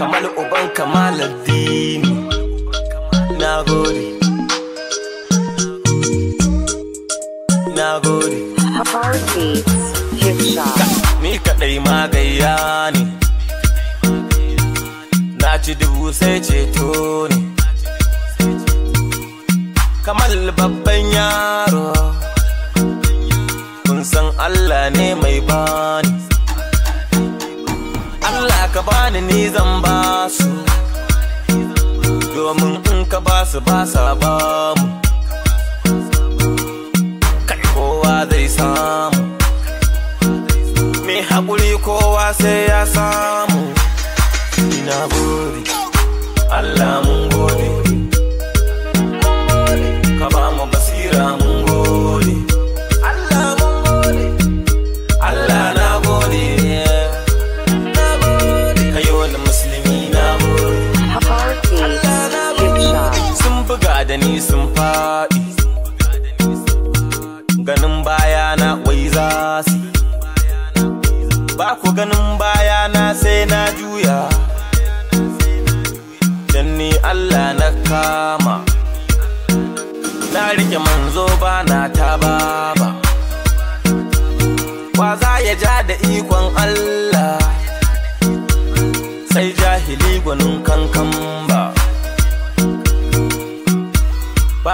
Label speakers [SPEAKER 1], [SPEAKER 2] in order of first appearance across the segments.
[SPEAKER 1] kamar uban dini na gode na gode ni kadai magayya ne na ci dubu sai ceto ne kamar babban yaro kun san allah ne mai ba su ba sa ba mu kai kowa zai samu mai haƙuri kowa sai ya samu ina gode Allah mun gode da sun faɗi ganin baya na wai za su ba ku ganin baya na sai na juya dan ni Allah na kama na rike manzo ba na ta ba ba za ya ja da ikon Allah sai jahili gwanin kankan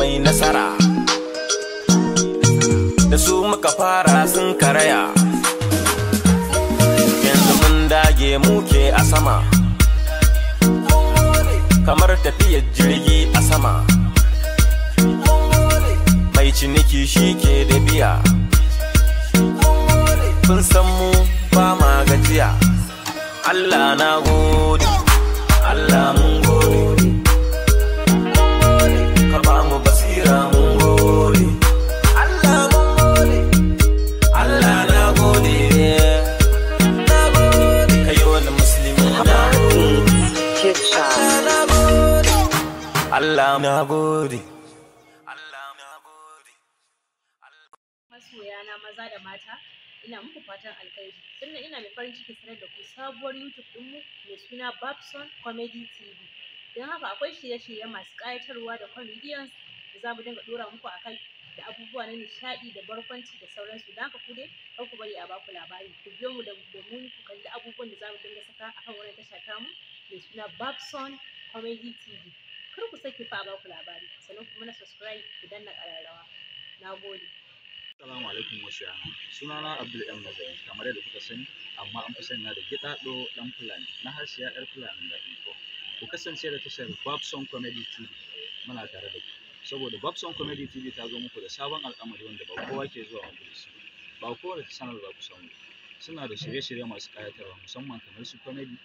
[SPEAKER 1] mai nasara da su muka fara sun karaya yanzu mun dage muke a sama kamar tafiyar jirgi a sama mai ciniki shi ke da biya kun san mu ba ma gajiya allah na gode allah mun gode Allah na gode.
[SPEAKER 2] Masoyana maza da mata, ina muku fatan alkhairi. Sannan ina mai farin ciki sanar da ku sabuwar YouTube ɗinmu mai suna Babson Comedy TV. Don haka akwai shirye-shirye masu ƙayatarwa da comedians da za mu dinga ɗora muku akai da abubuwa na nishaɗi da barkwanci da sauransu. Don haka ku dai kar ku bari a baku labari. Ku biyo mu da mu ku kalli abubuwan da za mu dinga saka akan wannan tasha tamu mai suna Babson Comedy TV. kar ku saki fa ba ku labari sannan kuma na subscribe ku danna ƙararrawa na gode
[SPEAKER 3] Assalamu alaikum wasiyana sunana Abdul M Nazari kamar yadda kuka sani amma an fi sani na da gidaɗo ɗan Fulani na hasiya ƴar Fulani da Info ku kasance da tashar Babson Comedy TV muna tare da ku saboda Babson Comedy TV ta zo muku da sabon al'amari wanda ba kowa ke zuwa a da su ba kowa da sanar ba ku samu suna da shirye-shirye masu ƙayatarwa musamman kamar su comedy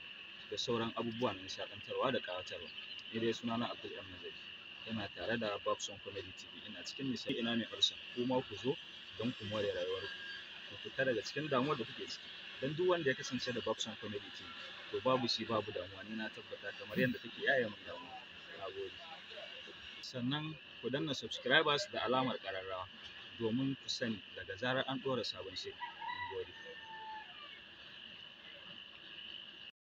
[SPEAKER 3] da sauran abubuwa na nishaɗantarwa da ƙawatarwa. Ni dai suna na Abdul M. zaki. Yana tare da Babson Comedy TV. Ina cikin nishaɗi ina mai harshen. ma ku zo don ku more rayuwarku. Ku fita daga cikin damuwar da kuke ciki. Don duk wanda ya kasance da Babson Comedy TV to babu shi babu damuwa ni na tabbata kamar yadda kake yaya mun damuwa. Na Sannan ku danna subscribers da alamar ƙararrawa domin ku sani daga zarar an ɗora sabon shiri.